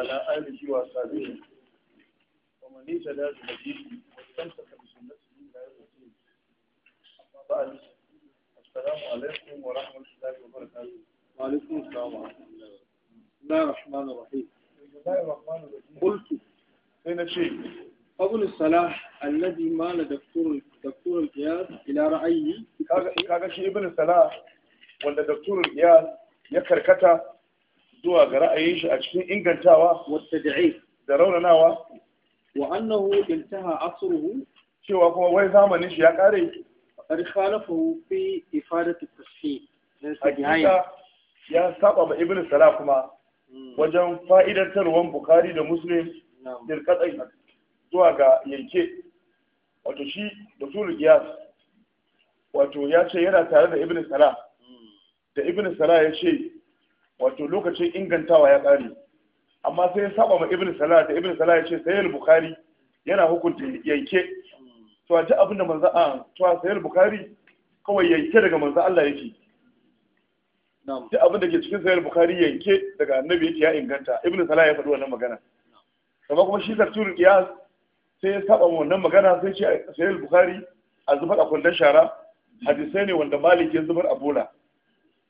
وعلى آله وأصحابه ومن اهتدى بهديه واستمسك بسنته إلى يوم الدين أما بعد السلام عليكم ورحمة الله وبركاته وعليكم السلام ورحمة الله بسم الله الرحمن الرحيم بسم الله الرحمن الرحيم قلت هنا شيء فضل الصلاح الذي مال دكتور دكتور القياس إلى رأيه كاغا شيء ابن الصلاح ولا دكتور القياس يكركته zuwa ga ra'ayin shi a cikin ingantawa wata da'i da raunanawa wa annahu intaha asruhu cewa kuma wai zamanin shi ya kare qad khalafahu fi ifadati tashih ya saba ba ibnu salah kuma hmm. wajen tarwan bukhari da muslim dil qadai zuwa ga yanke wato shi da sulu giyas wato ya ce yana tare da ibnu salah hmm. da ibnu salah ya ce wato lokacin ingantawa ya ƙare amma sai ya saba ma ibn salah da ibn salah ya ce sayyid bukhari yana hukunta yanke to a ji abin da manzo a to sayyid bukhari kawai yanke daga manzo Allah yake na'am duk abin da ke cikin sayyid bukhari yanke daga annabi yake ya inganta ibn salah ya faɗi wannan magana amma kuma shi tafsirul qiyas sai ya saba ma wannan magana sai ce sayyid bukhari a zubar a kwandon shara hadisai ne wanda malik ya zubar a bola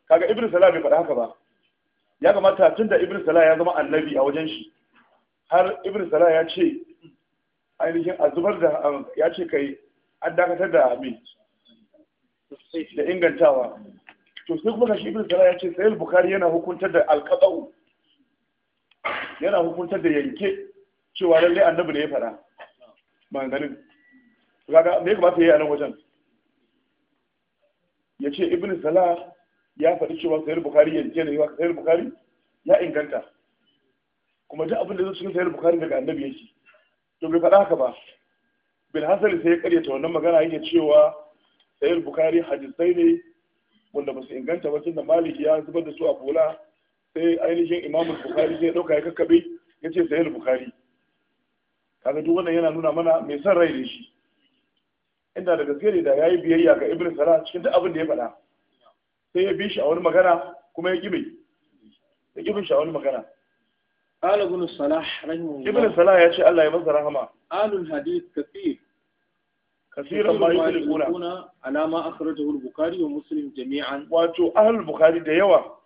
kaga ibn salah bai faɗi haka ba ya kamata tun da ibn salah ya zama annabi a wajen shi har ibn salah ya ce ainihin a zubar da ya ce kai an dakatar da amin da ingantawa to sai kuma kashi ibn salah ya ce sayil bukari yana hukuntar da alƙaɗa'u yana hukuntar da yanke cewa lallai annabi ne ya faɗa maganin kaga me ya kamata ya yi a nan wajen ya ce ibn salah ya faɗi cewa sayar bukari ya jiya da yawa sayar bukari ya inganta kuma duk abin da zai cikin sayar bukari daga annabi yake to bai faɗa haka ba bin hasali sai ya karyata wannan magana yake cewa sayar bukari hadisai ne wanda ba su inganta ba tunda Maliki ya zubar da su a bola sai ainihin Imamu bukari sai ya ɗauka ya kakkaɓe ya ce sayar bukari kaga duk wannan yana nuna mana mai son rai da shi inda da gaske ne da yayi biyayya ga ibn salah cikin duk abin da ya faɗa sai ya bi shi a wani magana kuma ya ƙi mai ya ƙi shi a wani magana Ibn Salah الصلاح ibn salah ya ce Allah ya masa rahama alul hadith الحديث كثير ma ما يطلقون ma al-bukhari wa muslim jami'an wato bukhari da yawa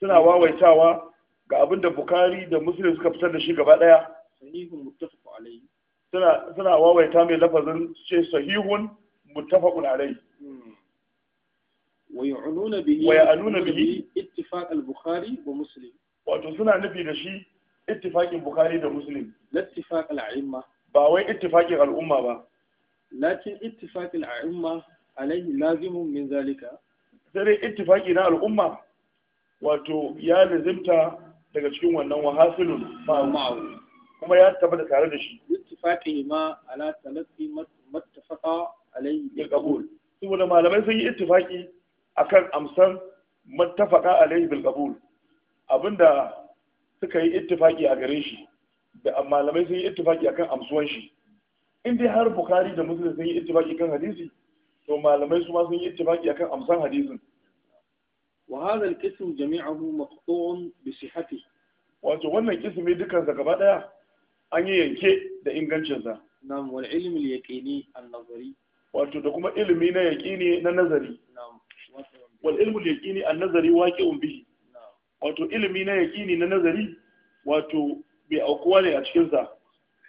suna wawaitawa ga abin da Bukhari da Muslim suka fitar da shi gaba daya sahihun muttafaq alayhi suna suna wawaita mai lafazin ce sahihun muttafaq alayhi hmm. ويعنون به اتفاق البخاري ومسلم wato suna nufi da shi ittifaqin bukhari da muslim la ittifaq al-a'imma ba wai ittifaqin al'umma ba lakin ittifaq al-a'imma alayhi min zalika na al'umma wato ya lazimta daga cikin wannan wahasilun ma'awu kuma ya da tare da shi ittifaqi ma ala talaffi mattafaqa alayhi bil qabul saboda malamai sun yi ittifaqi akan amsan mattafaka alaihi bil qabul abinda suka yi ittifaki a gare shi da malamai sun yi ittifaki akan amsuwan shi in dai har bukhari da muslim sun yi ittifaki kan hadisi to malamai su ma sun yi ittifaki akan amsan hadisin wa hadha al-qism jami'ahu maqtu'un bi sihhatihi wato wannan kismi dukan sa gaba daya an yi yanke da ingancin sa nam wal ilmi al-yaqini an-nazari wato da kuma ilimi na yaqini na nazari nam wal ilmu yaqini an nazari waqi'un bihi wato ilimi na yaqini na nazari wato bai aukuwa ne a cikin sa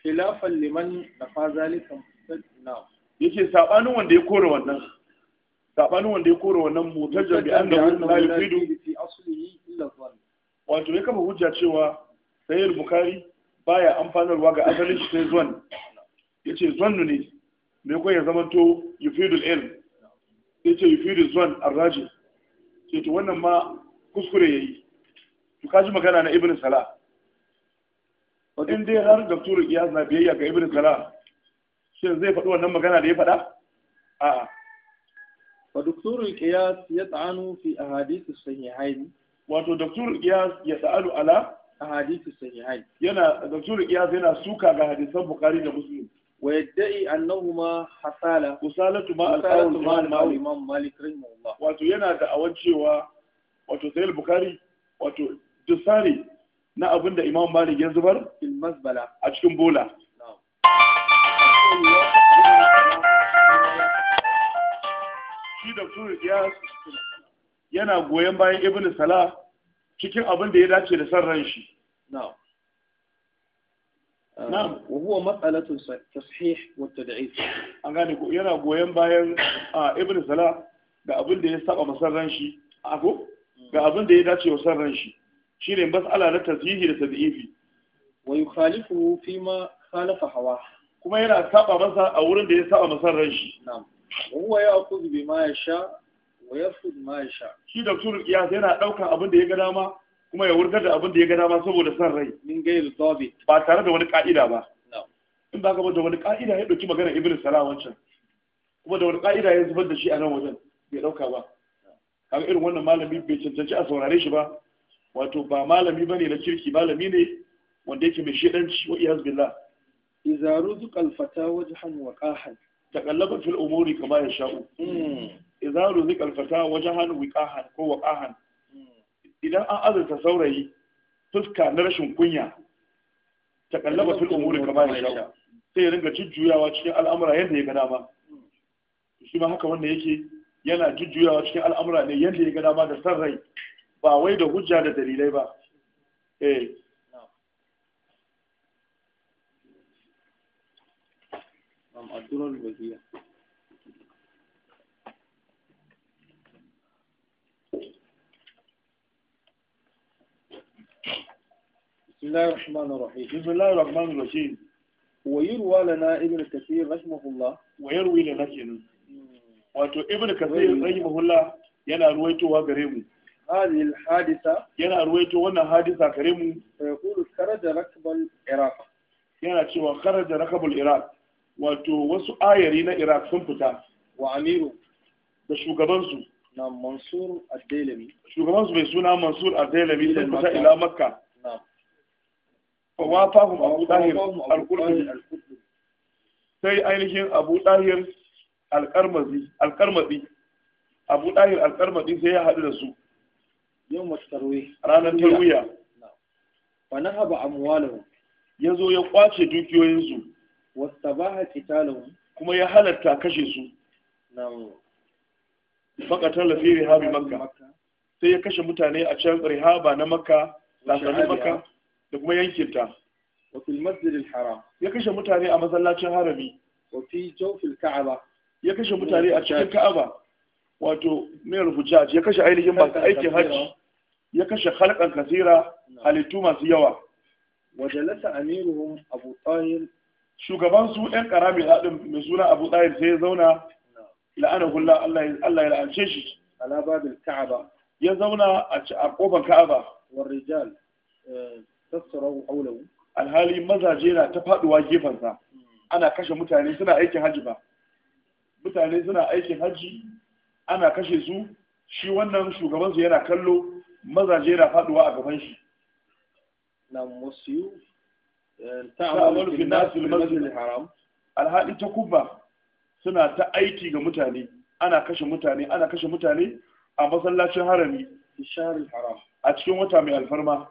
khilafan liman nafa zalika mustaqna yake sabanin wanda ya kore wannan sabanin wanda ya kore wannan mutajjar bi annahu la yufidu fi aslihi illa dhann wato ya kafa hujja cewa al bukhari baya amfanarwa ga asalin shi sai zon yace zonnu ne me ko ya zamanto yufidul ilm sai ce yufi rizwan arraji ce to wannan ma kuskure ya yi to kaji magana na ibn salah wajen dai har da turu ya na biyayya ga ibn salah shin zai faɗi wannan magana da ya faɗa a'a wa doktoru kiyas ya ta'anu fi ahadithu sahihain wato doktoru kiyas ya ta'alu ala ahadithu sahihain yana doktoru kiyas yana suka ga hadisan bukhari da muslim ويدعي أنهما حصالة وصالة ما القول الإمام مالك رحمه الله wato yana da awancewa wato sai al-bukhari wato نا na abin da imam malik ya zubar a cikin bola shi da su yana goyon bayan ibn salah cikin abin da ya dace da san ran shi na'am wa huwa mas'alatu tashih wa tad'if an gane ko yana goyen bayan ibn salah ga abin da ya saba masarran shi ako mm. ga abin da ya dace wa sarran shi shine mas'ala na tashihi da tad'ifi wa yukhalifu fima khalafa hawa kuma yana saba masa a wurin da ya saba masarran shi na'am wa huwa ya'khudhu ma yasha wa yafud ma yasha shi da turul qiyas yana daukan abin da ya ga dama kuma ya wurgar da abin da ya ga dama saboda son rai min gairi tabi ba tare da wani ka'ida ba in ba gaba da wani ka'ida ya dauki magana ibnu salam wancan kuma da wani ka'ida ya zubar da shi a nan wajen bai dauka ba kaga irin wannan malami bai cancanci a saurare shi ba wato ba malami bane na kirki malami ne wanda yake mai shedanci wa iyaz billah idza ruzuqa al fata wajhan wa qahan taqallaba fil umuri kama yasha'u hmm. idza ruzuqa al fata wajhan wa qahan ko wa qahan idan an azurta saurayi fuska na rashin kunya ta kallaba fil umuri kamar ya shawo sai ya ringa jujjuyawa cikin al'amura yadda ya gada ba shi ma haka wanda yake yana jujjuyawa cikin al'amura ne yadda ya gada ba da san rai ba wai da hujja da dalilai ba eh Baziya بسم الله الرحمن الرحيم بسم الله ويروى لنا ابن كثير رحمه الله ويروي لنا wato ibn kathir rahimahullah yana wa gare mu yana ruwaito wannan hadisa gare mu kharaja rakbal iraq yana cewa kharaja rakbal iraq wato wasu ayari na iraq sun fita wa amiru da shugaban su na mansur ad-dailami shugaban su mai suna mansur ad-dailami sun ila makka wafahum abu dahir al sai ainihin abu dahir al-qarmazi al abu dahir al sai ya hadu da su ranar tarwiya wa nahaba ya kwace dukiyoyin su kuma ya halatta kashe su na'am faqatan la fi rihabi makkah sai ya kashe mutane a can rihaba na tsakanin da kuma yankinta wa fil masjidil haram ya kashe mutane a masallacin harami wa fi jawfil ka'aba ya kashe mutane a cikin ka'aba wato min al ya kashe ainihin ba masu aikin hajji ya kashe halkan kasira halittu masu yawa wa jalasa amiruhum abu tahir shugaban su ɗan ƙarami haɗin mai suna abu tahir sai ya zauna la'anahu Allah ya la'ance shi ala babil ka'aba ya zauna a kofar ka'aba war rijal eh, tasrahu aulawu alhali mazaje na ta faduwa sa, ana kashe mutane suna aikin haji ba mutane suna aikin haji ana kashe su shi wannan shugaban su yana kallo mazaje na faduwa a gaban shi na musu eh, ta'amalu fi nasil haram alhali ta kubba suna ta aiki ga mutane ana kashe mutane ana kashe mutane a masallacin harami shahril haram a cikin wata mai alfarma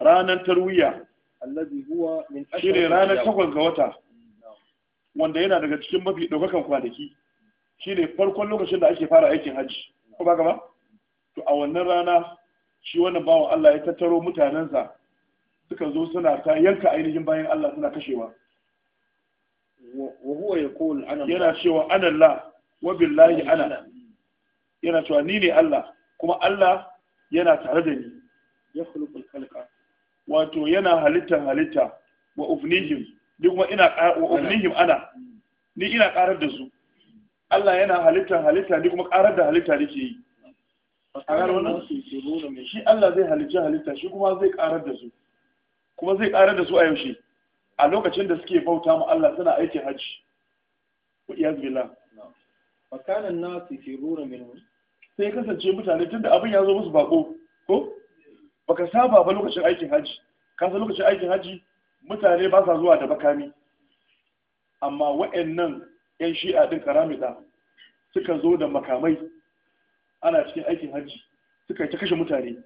ranar tarwiya shi ne ranar takwas ga wata wanda yana daga cikin mafi ɗaukakan kwanaki shi ne farkon lokacin da ake fara aikin hajji ko ba gaba to a wannan rana shi wannan bawan Allah ya tattaro mutanensa suka zo suna ta yanka ainihin bayan Allah suna kashewa yana cewa ana Allah wa billahi ana yana cewa ni ne Allah kuma Allah yana tare da ni ya khalqa wato yana halittar halitta wa ufnihim duk kuma ina wa ufnihim ana ni ina karar da su Allah yana halittar halitta duk kuma karar da halitta nake yi a gano wannan shi Allah zai halicci halitta shi kuma zai karar da su kuma zai karar da su a yaushe a lokacin da suke bauta ma Allah suna aikin hajji wa iyaz billah fa kana an-nas fi rura minhum sai kasance mutane tunda abin ya zo musu bako ko baka saba ba lokacin aikin haji ka lokacin aikin haji mutane ba sa zuwa da bakami amma wa'annan yan shi'a din karamida suka zo da makamai ana cikin aikin haji suka ta kashe mutane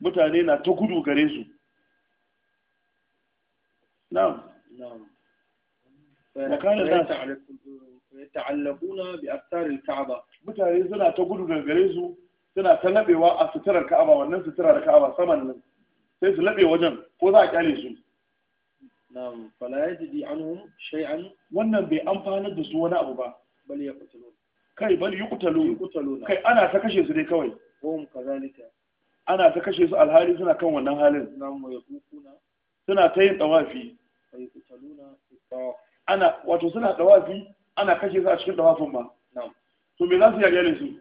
mutane na ta gudu gare su na'am na'am ta يتعلقون بأثار الكعبة متى suna ta laɓewa a suturar ka'aba wannan sutura da ka'aba saman nan sai su labe wajen ko za a kyale su na'am fala yajidi anhum shay'an wannan bai amfanar da su wani abu ba bal yaqtulun kai bal yuqtalun kai ana ta kashe su dai kawai hum kazalika ana ta kashe su alhali suna kan wannan halin na'am wa yaqufuna suna ta yin tawafi yuqtaluna ana wato suna tawafi ana kashe su a cikin tawafin ma na'am to me za su yi a su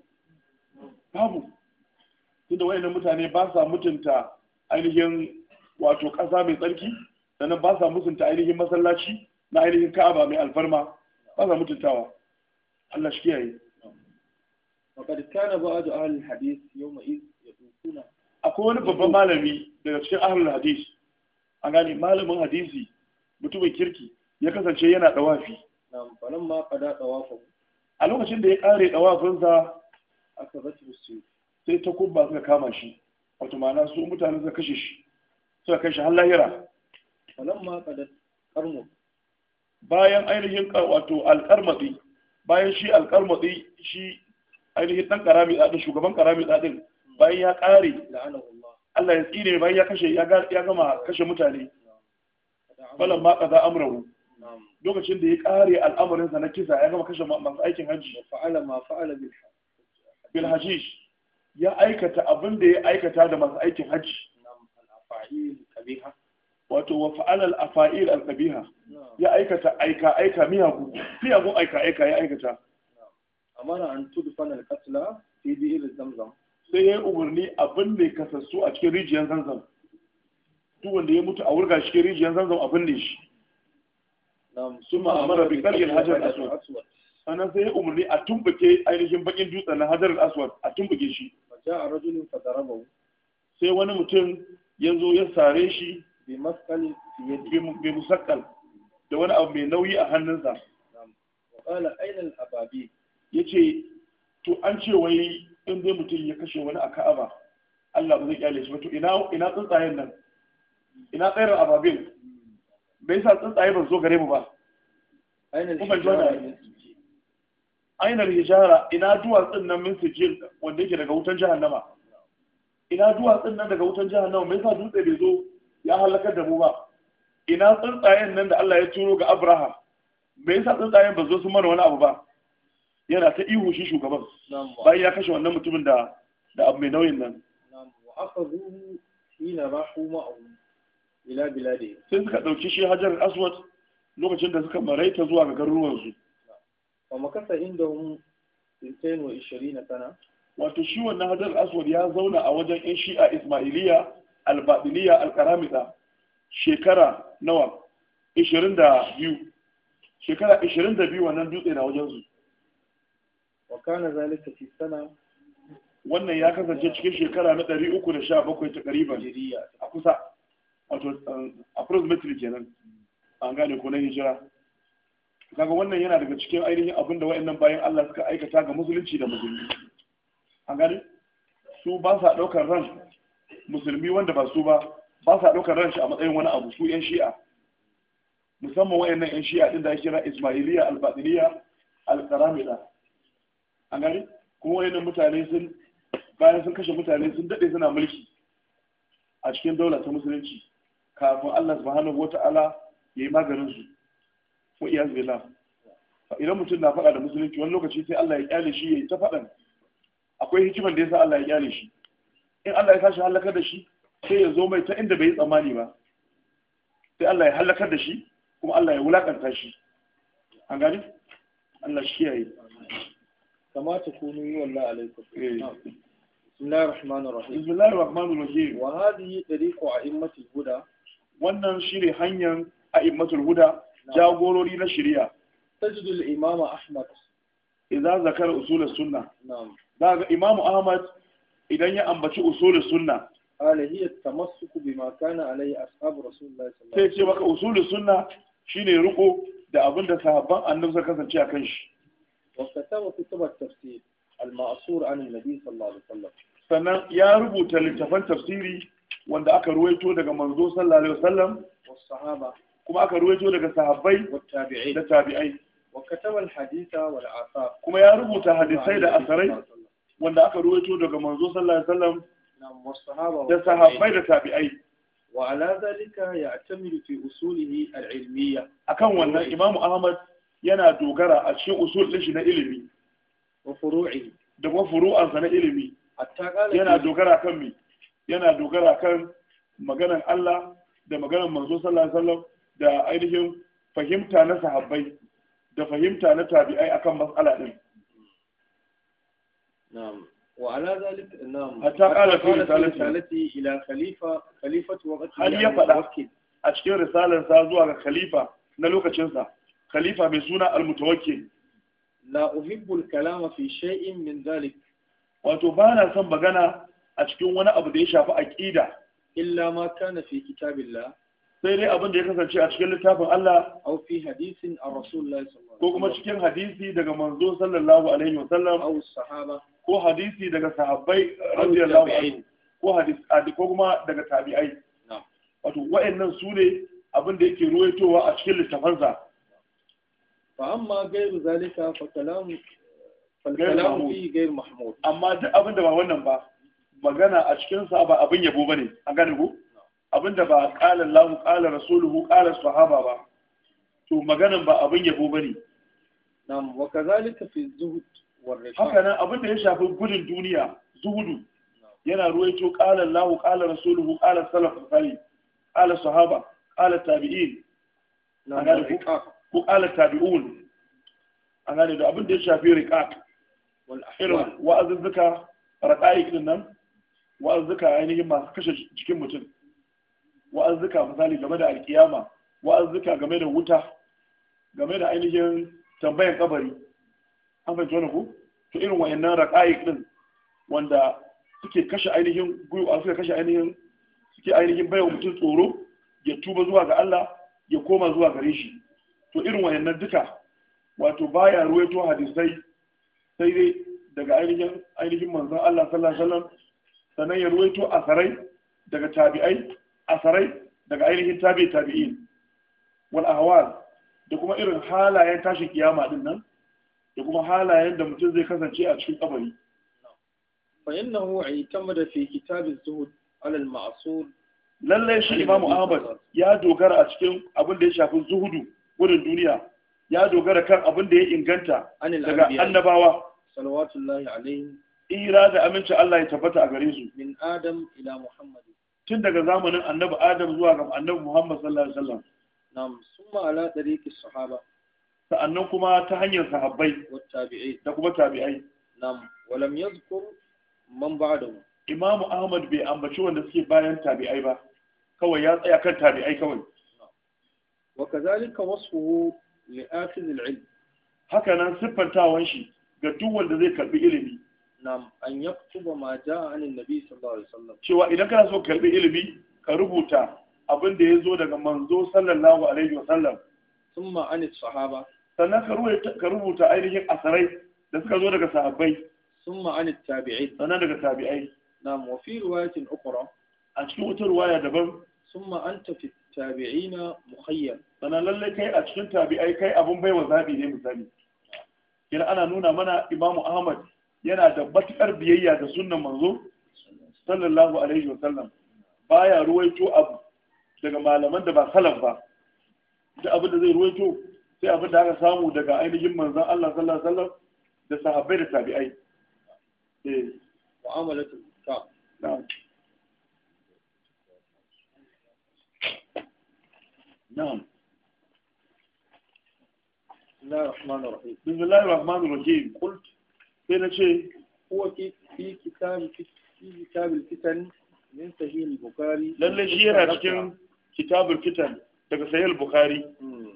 babu tunda wayannan mutane ba sa mutunta ainihin wato ƙasa mai tsarki sannan ba sa mutunta ainihin masallaci na ainihin ka'aba mai alfarma ba sa mutuntawa Allah shi kiyaye faqad kana ba'd ahli hadith yawma iz yadukuna akwai wani babban malami daga cikin ahli hadith an gani, malamin hadisi mutumin kirki ya kasance yana dawafi a lokacin da ya kare dawafinsa aka su sai ta kubba suka kama shi wato ma'ana su mutane suka kashe shi suka kashe har lahira ma kadat karmu bayan ainihin wato alkarmatsi bayan shi alkarmatsi shi ainihin dan karami da shugaban karami da din bayan ya kare Allah ya tsire bayan ya kashe ya gama kashe mutane falan ma kaza amrahu lokacin da ya kare al'amarinsa na kisa ya gama kashe masu aikin hajji fa'ala ma fa'ala bil bil hashish ya aikata abin da ya aikata da masu aikin hajji wato wa fa'alal afa'il al-qabiha ya aikata aika aika miyagu miyagu aika aika ya aikata amara an tudfan al-qatla fi bi'r zamzam sai ya yi umarni abin da kasassu a cikin rijiyar zamzam duk wanda ya mutu a wurga cikin rijiyar zamzam abin ne shi summa amara bi qalbi al-hajar aswad sannan sai umarni a tumbuke ainihin bakin dutsen na hajar aswad a tumbuke shi ja rajulin fatarabahu sai wani mutum ya zo ya sare shi bi maskali bi musakkal da wani abu mai nauyi a hannunsa qala aina al-ababi yace to an ce wai in dai mutum ya kashe wani a Ka'aba Allah ba zai kyale shi ba to ina ina tsuntsayen nan ina tsayar ababin bai hmm. sa tsuntsaye ba zo gare mu ba aina ainar hijara ina duwatsun nan min sijil wanda yake daga wutan jahannama ina duwatsun nan daga wutan jahannama me sa dutse bai zo ya halakar da mu ba ina tsuntsayen nan da Allah ya turo ga Abraham me sa tsuntsayen ba zo su mana wani abu ba yana ta ihu shi shugaban bayan ya kashe wannan mutumin da da abu mai nauyin nan sai suka ɗauki shi hajar aswad lokacin da suka maraita zuwa ga garuruwansu wa kasa inda mu sintain wa sana wato shi wannan hadar aswad ya zauna a wajen yan shi'a ismailiya albabiliya shekara nawa 22 shekara 22 wannan dutse na wajen su wa kana zalika fi sana wannan ya kasance cikin shekara na 317 takriban a kusa wato um, approximately kenan an gane ko na hijira kaga wannan yana daga cikin ainihin abin da wa'annan bayan Allah suka aikata ga musulunci da musulmi an gani su ba sa ɗaukar ran musulmi wanda ba su ba ba sa ɗaukar ran shi a matsayin wani abu su yan shi'a musamman wa'annan yan shi'a ɗin da ya kira Ismailiyya al-Batiniyya al an gani kuma wa'annan mutane sun bayan sun kashe mutane sun daɗe suna mulki a cikin daular ta musulunci kafin Allah subhanahu ta'ala ya yi maganin su iya iyaz billah idan mutum na faɗa da musulunci wani lokaci sai Allah ya kyale shi ya yi ta faɗan akwai hikiman da ya sa Allah ya kyale shi in Allah ya tashi halakar da shi sai ya zo mai ta inda bai yi tsammani ba sai Allah ya halakar da shi kuma Allah ya wulakanta shi an gani Allah shi yayi kamata kunu yi wallahi alaikum بسم الله الرحمن الرحيم بسم الله الرحمن الرحيم وهذه طريق أئمة الهدى wannan shine hanyar a'immatul huda jagorori na shirya. tajidul imam ahmad idza zakara usul sunna na'am daga imam ahmad idan ya ambaci usul sunna alahiyya tamassuku bima kana alayhi ashabu Rasulullah sallallahu alaihi wasallam sai ce maka usul sunna shine ruku da abin da sahabban annabi suka kasance a kan shi wasataba kutubat tafsir al-ma'sur an nabi sallallahu alaihi wasallam sannan ya rubuta littafan tafsiri wanda aka ruwaito daga manzo sallallahu alaihi wasallam was sahaba kuma aka ruwaito daga sahabbai da tabi'ai kuma ya rubuta hadisai da asarai wanda aka ruwaito daga manzo sallallahu alaihi wasallam da sahabbai da tabi'ai wa ala zalika ya'tamidu fi usulihi al-ilmiyya akan wannan imamu ahmad yana dogara a cikin usul din shi na ilimi da kuma na ilimi yana dogara kan me yana Allah da maganan da ainihin fahimta na sahabbai da fahimta na tabi'ai akan matsala din na'am wa ala zalika na'am hatta qala fi risalati ila khalifa khalifatu wa qad ya fada a cikin risalar sa zuwa ga khalifa na lokacin sa khalifa mai suna al-mutawakkil la uhibbu al-kalama fi shay'in min zalik wato bana son magana a cikin wani abu da ya shafi aqida illa ma kana fi kitabillah sai dai abin da ya kasance a cikin littafin Allah aw fi hadisin ar rasulullahi sallallahu ko kuma cikin hadisi daga manzo sallallahu alaihi wa sallam aw sahaba ko hadisi daga sahabbai radiyallahu anhu ko hadisi ko kuma daga tabi'ai wato wa'annan su ne abin da yake ruwaitowa a cikin littafansa fa amma gairu zalika fa kalamu falkalamu fi gair mahmud amma duk abin da ba wannan ba magana a cikin sa ba abin yabo bane an gane ku abinda ba ƙalar lahu ƙalar rasuluhu ƙalar sahaba ba to maganan ba abin yabo ba ne nam wa kazalika fi zuhud wa rifa haka nan abinda ya shafi gudun duniya zuhudu yana ruwaito ƙalar lahu ƙalar rasuluhu ƙalar salaf misali ƙalar sahaba ƙalar tabi'in ko ƙalar tabi'un an gane da abinda ya shafi riƙaƙ irin wa'azuzzuka raƙa'iƙ din nan wa'azuzzuka ainihin masu kashe jikin mutum wa'azzuka misali game da alkiyama wa'azzuka game da wuta game da ainihin tambayan kabari an fahimci wani ku to irin wayannan raqa'iq ɗin wanda suke kashe ainihin gwiwa suke kashe ainihin suke ainihin bayan mutum tsoro ya tuba zuwa ga Allah ya koma zuwa gare shi to irin wayannan duka wato baya ruwaito hadisai sai dai daga ainihin ainihin manzon Allah sallallahu alaihi wasallam sannan ya ruwaito asarai daga tabi'ai asarai daga ainihin tabi tabi'in wal ahwal da kuma irin halayen tashin kiyama din nan da kuma halayen da mutum zai kasance a cikin kabari fa innahu aitamada fi kitab az-zuhd ala al-ma'sur lalle shi imamu ahmad ya dogara a cikin abin da ya shafi zuhudu wurin duniya ya dogara kan abin da ya inganta daga annabawa salawatullahi alaihim ira da aminci Allah ya tabbata a gare su min adam ila muhammad tun daga zamanin annabi adam zuwa ga annabi muhammad sallallahu alaihi wasallam na'am summa ala tariqi sahaba sa'annan kuma ta hanyar sahabbai da kuma tabi'ai na'am lam yadhkur man ba'dahu imam ahmad bai ambaci wanda suke bayan tabi'ai ba kawai ya tsaya kan tabi'ai kawai wa kazalika wasfuhu li akhidh al-ilm haka nan siffantawan shi ga duk wanda zai karbi ilimi nam an yaktuba ma jaa anin nabi sallallahu alaihi wasallam cewa idan kana so karbi ilimi ka rubuta abin da ya zo daga manzo sallallahu alaihi wasallam thumma an sahaba sannan ka rubuta ainihin asarai da suka zo daga sahabbai thumma an tabi'in sannan daga tabi'ai nam wa fi riwayatin ukhra a cikin wata riwaya daban thumma anta fi tabi'ina mukhayyar sannan lalle kai a cikin tabi'ai kai abun baiwa zabi ne misali kina ana nuna mana imamu ahmad yana da matuƙar biyayya da sunnan manzo sallallahu alaihi wa sallam baya ruwaito abu daga malaman da ba salaf ba da abin da zai ruwaito sai abin da aka samu daga ainihin manzon Allah sallallahu alaihi wa sallam da sahabbai da tabi'ai eh mu'amalatu ta na'am na'am بسم الله الرحمن الرحيم قلت sai na ce huwa fi kitabul kitabul fitan min sahih al-bukhari lalle shi yana cikin kitabul fitan daga sahih al-bukhari hmm.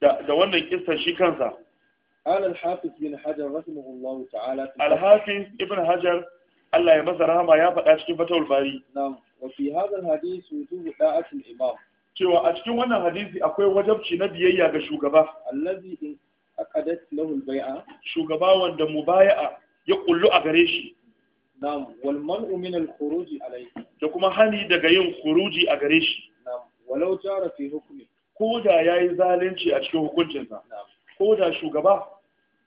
da wannan kissan shi kansa قال الحافظ بن حجر رحمه الله تعالى الحافظ ابن حجر الله يمسى رحمه يا فدا cikin fatawul bari na'am wa fi hadha al-hadith wujubu imam cewa a cikin wannan hadisi akwai wajabci na biyayya ga shugaba allazi akadat lahu al-bai'a shugaba wanda mubaya'a ya kullu a gare shi na'am wal man'u min al-khuruj alayhi da kuma hani daga yin khuruji a gare shi na'am walau jara fi hukmi ko da yayi zalunci a cikin hukuncin sa ko da shugaba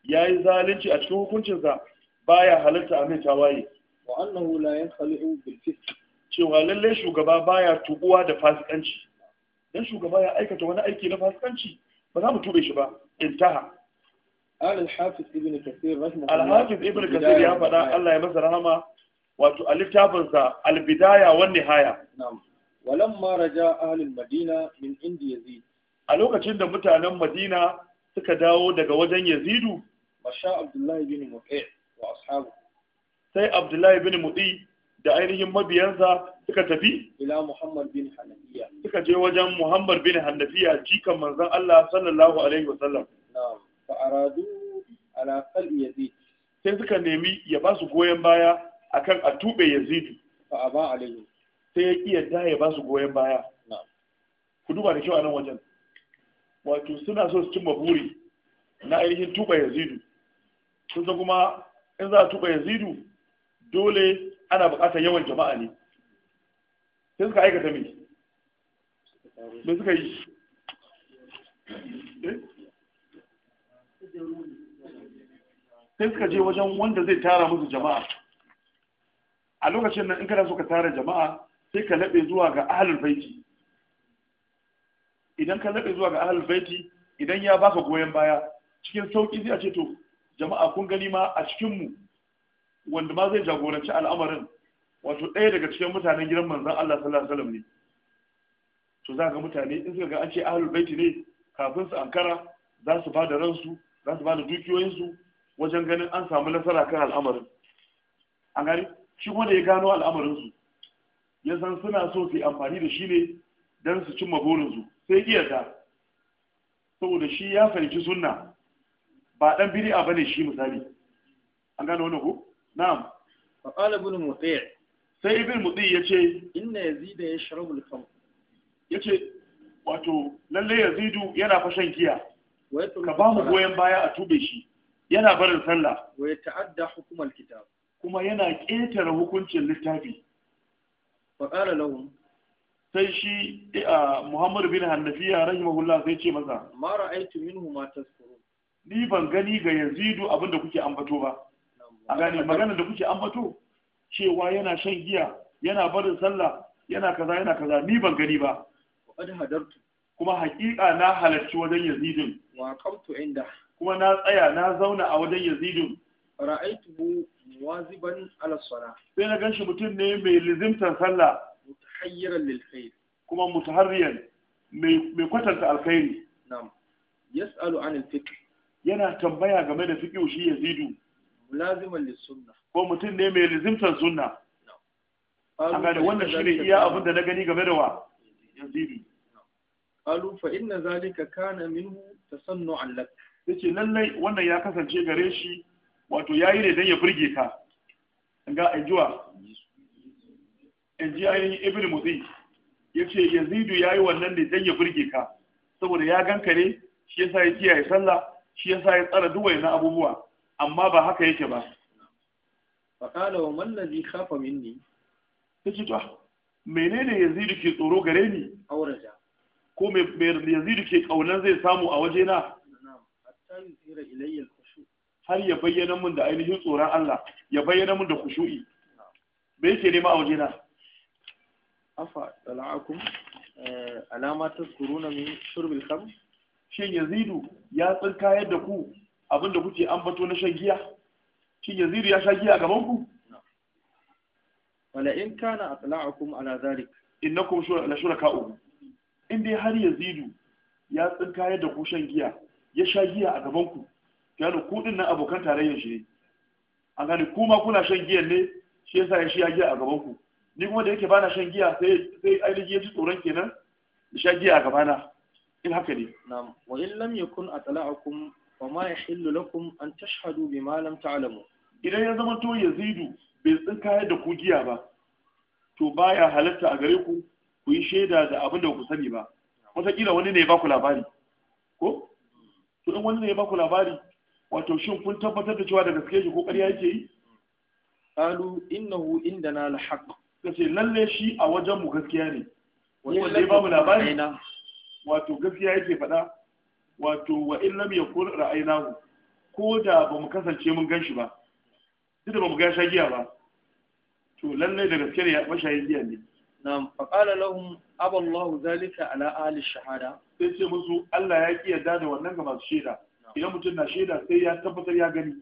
yayi zalunci a cikin hukuncin sa baya halarta a mai tawaye wa annahu la yankhali'u bil fisq cewa lalle shugaba baya tubuwa da fasikanci dan shugaba ya aikata wani aiki na fasikanci ba za mu tube shi ba intaha قال الحافظ ابن كثير رحمه الله الحافظ ابن كثير يا فدا الله يمسى رحمه wato a littafinsa albidaya wan nihaya walamma raja ahlul madina min indi yazid a lokacin da mutanen madina suka dawo daga wajen ya yazidu masha abdullahi bin mu'i wa ashabu sai abdullahi bin mu'i da ainihin mabiyansa suka tafi ila muhammad bin hanafiya suka je wajen muhammad bin hanafiya jikan manzon Allah sallallahu alaihi wasallam na'am fa aradu ala qal yazid sai suka nemi ya ba su goyen baya akan a tube yazid fa ba, alayhi sai ya ƙi yadda ya ba su goyen baya ku duba da kyau a nan wajen wato suna so su cimma buri na ainihin tuba yazidu sun san kuma in za a tuba yazidu dole ana buƙatar yawan jama'a ne sai suka aikata me me suka yi eh? sai suka je wajen wanda zai tara musu jama'a a lokacin nan in kana so ka tara jama'a sai ka laɓe zuwa ga ahalul baiti idan ka laɓe zuwa ga ahalul baiti idan ya baka goyon baya cikin sauƙi zai a ce to jama'a kun gani ma a cikinmu wanda ma zai jagoranci al'amarin wato ɗaya daga cikin mutanen gidan manzon Allah sallallahu alaihi wasallam ne to za ga mutane in suka ga an ce ahalul baiti ne kafin su ankara za su ba da ransu za su ba da dukiyoyinsu wajen ganin an samu nasara kan al'amarin an gani shi wanda ya gano al'amarinsu ya san suna so su yi amfani da shi ne don su cimma burinsu sai iya ta saboda shi ya fahimci sunna ba dan bid'a bane shi misali an gano wannan ko na'am fa qala ibn muti' sai ibn muti' yace inna yazida yashrabu al-khamr yace wato lalle yazidu yana fashan giya ka ba mu goyon baya a tube shi yana barin sallah wa ta'adda hukumar kitab kuma yana ƙetare hukuncin littafi fa qala lahum sai shi Muhammad bin Hannafiya rahimahullah sai ce masa ma ra'aytu minhu ma tasfurun ni ban gani ga Yazidu abinda kuke ambato ba a gane maganar da kuke ambato cewa yana shan giya yana barin sallah yana kaza yana kaza ni ban gani ba kuma haƙiƙa na halarci wajen Yazidin wa qamtu inda kuma na tsaya na zauna a wajen yazidun ra'aituhu muwaziban ala salah sai na ganshi mutum ne mai lizimtan sallah mutahayyiran lil khair kuma mutaharriyan mai mai kwatanta alkhairi na'am yas'alu an al fiqh yana tambaya game da fiqh shi yazidu mulaziman lis sunnah ko mutum ne mai lizimtan sunna an da wannan shine iya abin da na gani game da wa yazidu Alu fa inna zalika kana minhu tasannu'an lak yace lallai wannan ya kasance gare shi wato yayi ne dan ya burge ka ga ajuwa in ji ainihin ibn mutsi ya ce yazidu ya yi wannan ne dan ya burge ka saboda ya ganka ne shi yasa ya kiyaye sallah shi yasa ya tsara duwaye na abubuwa amma ba haka yake ba faƙala wa mallazi kafa minni ta ce to menene yazidu ke tsoro gare ni auraja ko mai yazidu ke kaunan zai samu a waje na har ya bayyana mun da ainihin tsoron Allah ya bayyana mun da kushu'i me yake nema a waje na afa tala'akum eh, alama tazkuruna min shurbil khamr shin yazidu ya tsinka yadda ku abinda kuke ambato na shan giya shin yazidu ya sha giya gaban ku wala in kana atla'akum ala zalik innakum la shuraka'u in dai har yazidu ya tsinkayar da ku shan giya ya sha giya a gaban ku yana ku din nan abokan tarayyar shi ne an gani ku ma kuna shan giyan ne shi yasa ya sha giya a gaban ku ni kuma da yake bana shan giya sai sai ainihin ya ji tsoron kenan ya sha giya a gabana in haka ne na'am wa in lam yakun atla'akum wa ma yahillu lakum an tashhadu bima lam ta'lamu idan ya zama to yazidu bai tsinkayar da ku giya ba to baya halatta a gare ku ku yi shaida da abin da ku sani ba wataƙila wani ne ya baku labari ko to in wani ne ya baku labari wato shin kun tabbatar da cewa da gaske shi ko ƙarya yake yi qalu innahu indana alhaq kace lalle shi a wajen mu gaskiya ne wani ba bamu labari wato gaskiya yake faɗa wato wa in lam yakun ra'aynahu ko da ba mu kasance mun gan shi ba duk da ba mu ga shagiya ba to lalle da gaske ne ya mashayin giya ne Na'am, faƙala lahum aballahu zalika ala ahli shahada. Sai ce musu Allah ya ki yarda da wannan ga masu shaida. Idan mutum na shaida sai ya tabbatar ya gani.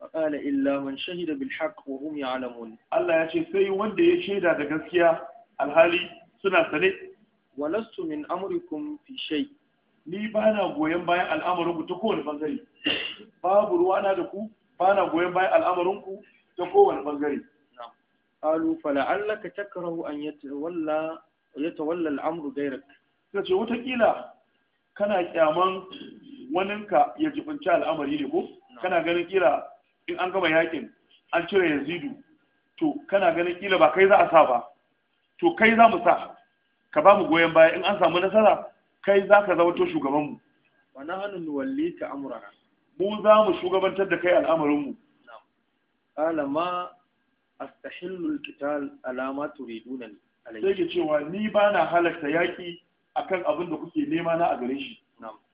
Faƙala illa man shahida bil haqq wa hum ya'lamun. Allah ya ce sai wanda ya shaida da gaskiya alhali suna sane. Walastu min amrikum fi shay. Ni ba na goyon bayan al'amarin ta kowane bangare. Babu na da ku ba na goyon bayan al'amarin ta kowane bangare. qalu fala'allaka takrahu an yatawalla yatawalla al'amru ghayrak sai ce wata kila kana kyaman waninka ya jibinci al'amari ne ko kana ganin kila in an gama yakin an cire yazidu to kana ganin kila ba kai za a sa ba to kai za mu sa ka ba mu goyon baya in an samu nasara kai za ka zama to shugabanmu wa nahnu nuwallika amrana mu za mu shugabantar da kai al'amarinmu qala ma astahillu alqital ala ma turiduna alayhi sai ke cewa ni ba na halarta yaki akan abin da kuke nema na a gare shi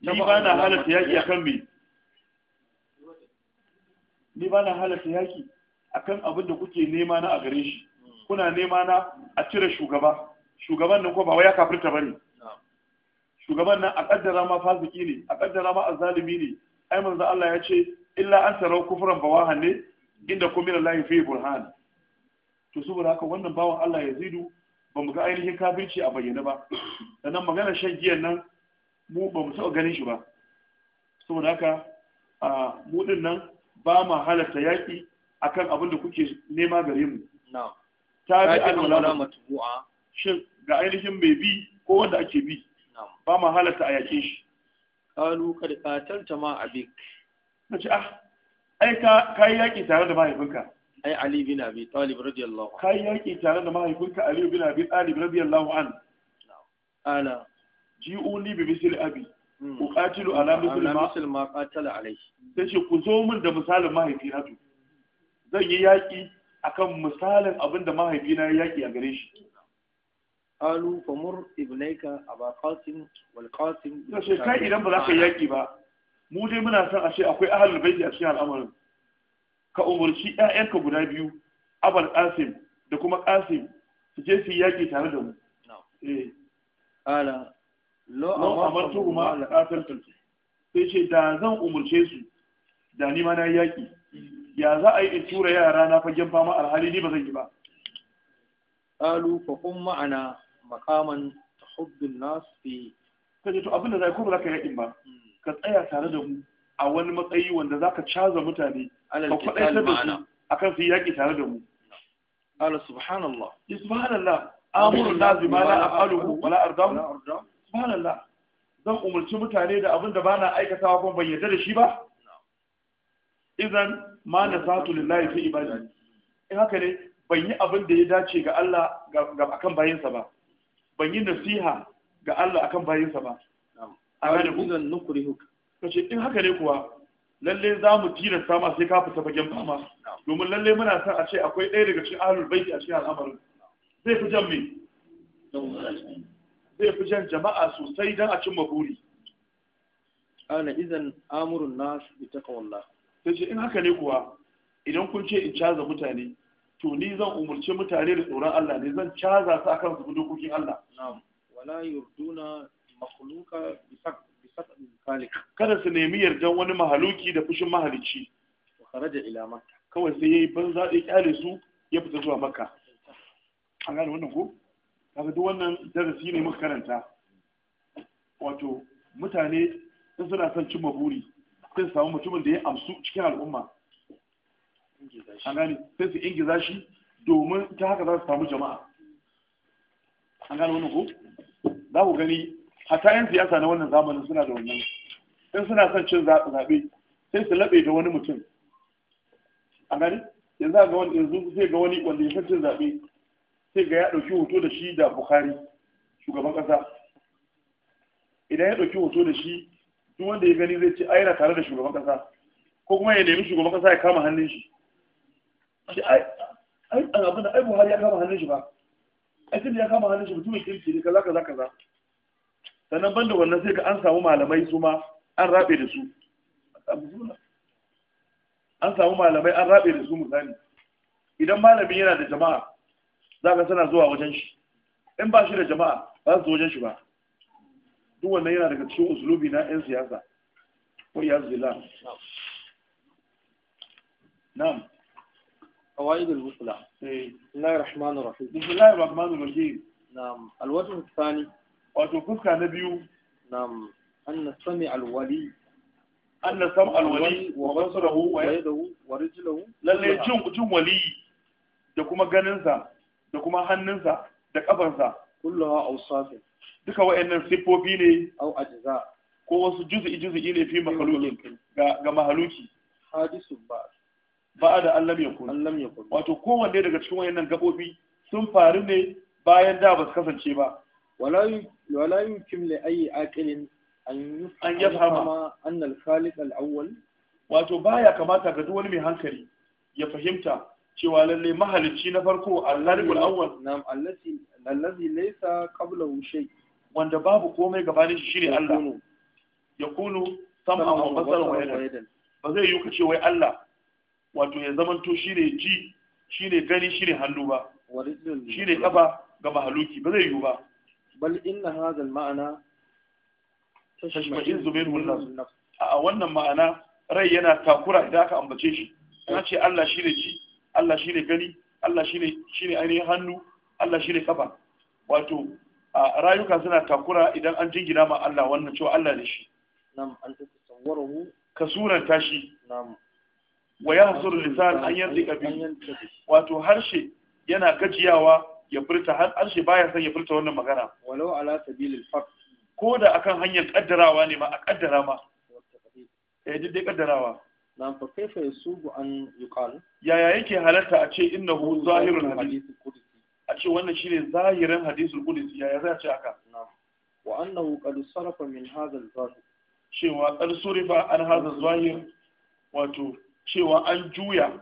ni ba na halarta yaki akan me ni ba na halarta yaki akan abin da kuke nema na a gare shi hmm. kuna nema na a cire shugaba shugaban nan ko ba wai ya kafirta bane shugaban nan a kaddara ma fasiki ne a kaddara ma azzalimi ne ai manzo Allah ya ce illa an tarau kufran bawahan ne inda kumira lahi fi burhan to saboda haka wannan bawan Allah ya zidu ba mu ga ainihin kafirci a bayyana ba sannan magana shan giyan nan mu ba mu taɓa ganin shi ba saboda haka a mu din nan ba ma halarta yaƙi akan abin da kuke nema gare mu ta bi alwala shin ga ainihin mai bi ko wanda ake bi ba ma halarta a yaƙe shi kalu kad qatalta ma abik nace ah ai ka kai yaƙi tare da mahaifinka ai Ali bin Abi Talib radiyallahu kai yake tare da mahaifinka Ali bin Abi Talib radiyallahu anhu ala ji'uni bi misil abi hmm. uqatilu ala misil ma qatala alayhi sai ku zo min da misalin mahaifi to zan yi yaki akan misalin abin da mahaifina ya yaki a gare shi alu famur ibnaika aba qasim wal qasim sai kai idan ba za ka yaki ba mu dai muna son ashe akwai ahlul bayti a cikin al'amarin ka umarci ƴaƴanka guda biyu abal Kasim da kuma Kasim su je su yaƙi tare da mu eh ala lo sai ce da zan umarce su da ni ma na yaki ya za a yi in tura yara na fagen fama alhali ni ba zan yi ba qalu fa kun ma'ana maqaman hudun nas fi kaje to abinda zai kuma ka yakin ba hmm. ka tsaya tare da mu a wani matsayi wanda za ka caza mutane ka kwadaitar da su akan su yaƙi tare da mu ala subhanallah subhanallah amurun lazi ma la afaluhu wa la ardamu subhanallah zan umarci mutane da abin da ba na aikatawa kuma ban yarda da shi ba Izan ma na satu lillahi fi ibadi in haka ne ban yi abin da ya dace ga Allah ga akan bayansa ba ban yi nasiha ga Allah akan bayansa ba a ranar idan nukurihuk ka ce in haka ne kuwa lalle za mu tira sama sai ka fita fagen fama domin lalle muna son a ce akwai ɗaya daga cikin ahlul baiti a cikin al'amarin zai fi jan me zai fi jan jama'a sosai don a cimma buri ana izan amurun nas bi taqwallah sai ce in haka ne kuwa idan kun ce in caza mutane to ni zan umarci mutane da tsoron Allah ne zan caza su akan su dokokin Allah na'am wala yurduna makhluqa bi taqwa kada su nemi yardan wani mahaluki da fushin mahalici kharaja ila makka kawai sai yayi banza da kyale su ya fita zuwa makka an gane wannan ko kaga duk wannan darasi ne muka karanta wato mutane sun suna son cimma buri sai samu mutumin da ya amsu cikin al'umma an gane sai su ingiza shi domin ta haka za su samu jama'a an gane wannan ko za ku gani hata yan siyasa na wannan zamanin suna da wannan in suna son cin zaɓe sai su laɓe da wani mutum a gani yanzu ga wani yanzu sai ga wani wanda ya san cin zaɓe sai ga ya ɗauki hoto da shi da Bukhari shugaban ƙasa idan ya ɗauki hoto da shi duk wanda ya gani zai ce ai yana tare da shugaban ƙasa ko kuma ya nemi shugaban ƙasa ya kama hannun shi shi ai ai abin da ai Buhari ya kama hannun shi ba ai tun ya kama hannun shi mutumin kirki ne kaza kaza kaza sannan banda wannan sai ka an samu malamai su ma an rabe da su an samu malamai an rabe da su misali idan malami yana da jama'a za ka sana zuwa wajen shi in ba shi da jama'a ba su wajen shi ba duk wannan yana daga cikin usulubi na 'yan siyasa ko ya zila na'am قواعد المثلى بسم الله الرحمن الرحيم بسم الله الرحمن الرحيم نعم الوجه الثاني wato fuska na biyu nam na sami alwali na sami alwali wa basarahu wa yadahu wa rijluhu lalle jin jin wali da kuma ganinsa da kuma hannunsa da kafansa kulluha awsafin duka wa'annan siffofi ne au ajza ko wasu juz'i juz'i ne fi mahaluki ga ga mahaluki hadisun ba ba da allam yakun allam yakun wato kowanne daga cikin wayannan gabobi sun faru ne bayan da ba su kasance ba ولا يمكن لأي عاقل أن يفهم أن الخالق الأول wato baya kamata ga duk wani mai hankali ya fahimta cewa lalle mahalicci na farko Allahul Awwal nam allazi allazi laysa qablahu shay wanda babu komai gabanin shi shine Allah ya kunu sam'a wa basara wa yadan ba zai yi kace wai Allah wato ya zamanto shine ji shine gani shine hannu ba shine kafa ga mahaluki ba zai yi ba bal inna hadha al-ma'ana tashma'izu minhu nafs a wannan ma'ana rai yana takura idan aka ambace shi na ce Allah ne ji Allah shi ne gani Allah shi ne ainihin hannu Allah shi ne kafa wato rayuka suna takura idan an jingina ma Allah wannan cewa Allah ne shi nam an tasawwarahu ka suranta shi nam wa yahsur lisan an yanzika bi wato harshe yana gajiyawa ya furta har arshi baya son ya furta wannan magana walau ala sabilil fak. ko da akan hanyar kaddarawa ne ma a kaddara ma eh duk dai kaddarawa nan fa kaifa yasubu an yuqal yaya yake halarta a ce innahu zahirul hadith a ce wannan shine zahirin hadisul qudsi yaya za a ce haka wa annahu qad sarafa min hadha al-zahir cewa qad surifa an hadha al-zahir wato cewa an juya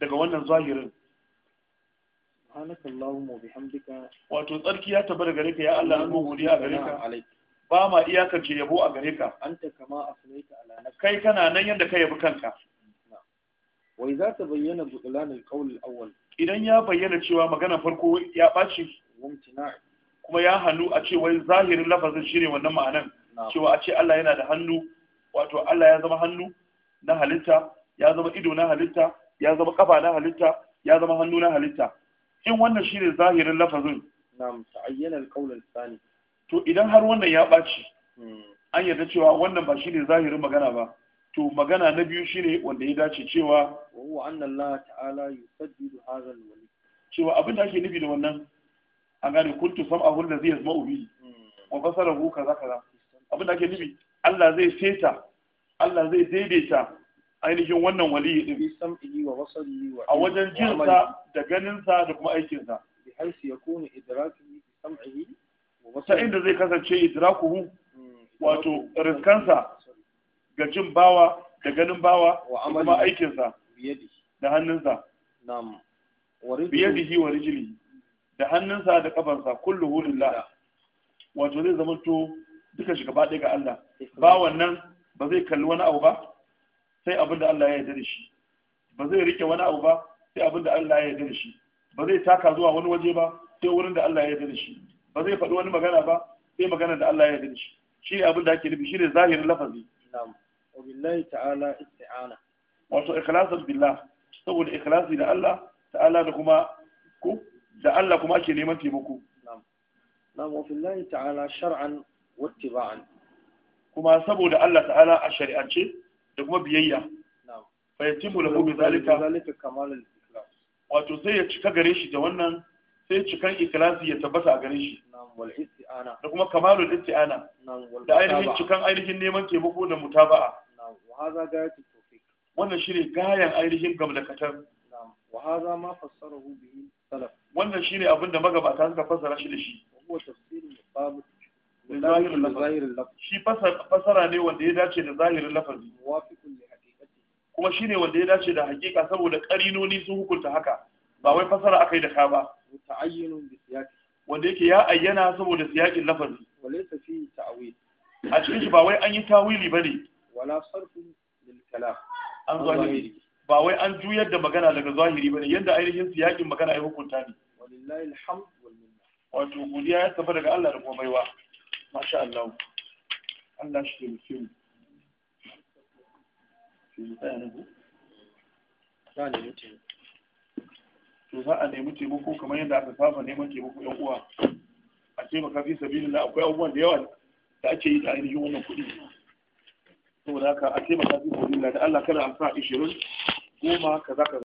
daga wannan zahirin wato tsarki ya tabbata gare ka ya Allah an godiya gare ka ba ma iyakance yabo a gare ka kai kana nan yadda ka yabi kanka wai za ta bayyana idan ya bayyana cewa magana farko ya ɓaci kuma ya hannu a ce wai zahirin lafazin shine wannan ma'anan cewa a ce Allah yana da hannu wato Allah ya zama hannu na halitta ya zama ido na halitta ya zama kafa na halitta ya zama hannu na halitta in wannan shi ne zahirin lafazin na'am ta'ayyana al-qawl to idan har wannan ya ɓaci hmm. an yarda cewa wannan ba shi ne zahirin magana ba to magana na biyu shi ne wanda ya dace cewa wa annan la ta'ala yusaddidu da al wani cewa abin da ake nufi da wannan an gane kuntu sam'ahu zai yasma'u bihi hmm. wa basarahu kaza kaza abin da ake nufi Allah zai seta Allah zai daidaita ainihin wannan wali din a wajen jinsa da ganinsa da kuma aikinsa ta inda zai kasance idrakuhu hmm, wato riskansa ga jin bawa da ganin bawa da kuma aikinsa da hannunsa biyadihi wa rijili da hannunsa da kafansa kulluhu lillah wato zai zama to duka shi gaba ɗaya ga Allah ba wannan ba zai kalli wani abu ba sai abin da Allah ya yarda da shi ba zai rike wani abu ba sai abin da Allah ya yarda da shi ba zai taka zuwa wani waje ba sai wurin da Allah ya yarda da shi ba zai faɗi wani magana ba sai magana da Allah ya yarda da shi shi ne abin da ake nufi shi ne zahirin lafazi na'am wa billahi ta'ala isti'ana wato ikhlasun billah saboda ikhlasi da Allah ta'ala da kuma ku da Allah kuma ake neman taimako na'am na'am wa billahi ta'ala shar'an wa ittiba'an kuma saboda Allah ta'ala a shari'ance da kuma biyayya fa yatimu lahu bi zalika zalika wato sai ya cika gare shi da wannan sai cikan ikhlasi ya tabbata a gare shi da kuma kamalul Ana. da ainihin cikan ainihin neman taimako da mutaba'a wannan shine gayan ainihin gamlakatar wa hadha wannan shine abin da magabata suka fassara shi da shi da zahirin lafazi shi fasara ne wanda ya dace da zahirin lafazi kuma shi ne wanda ya dace da hakika saboda karinoni sun hukunta haka ba wai fasara aka yi da ka ba wanda yake ya ayyana saboda siyakin lafazi a cikin shi ba wai an yi tawili ba ne an zahiri ba wai an juyar da magana daga zahiri ba ne yadda ainihin siyakin magana ya hukunta ne wato godiya ya tafi daga Allah da kuma baiwa masha Allah Allah shi ke mutum to za a nemi taimako kamar yadda aka saba neman taimako yan uwa a taimaka fi sabilin da akwai abubuwan da yawa da ake yi da ainihin wannan kuɗi saboda haka a ce taimaka fi sabilin da Allah kada a sa ishirin goma kaza kaza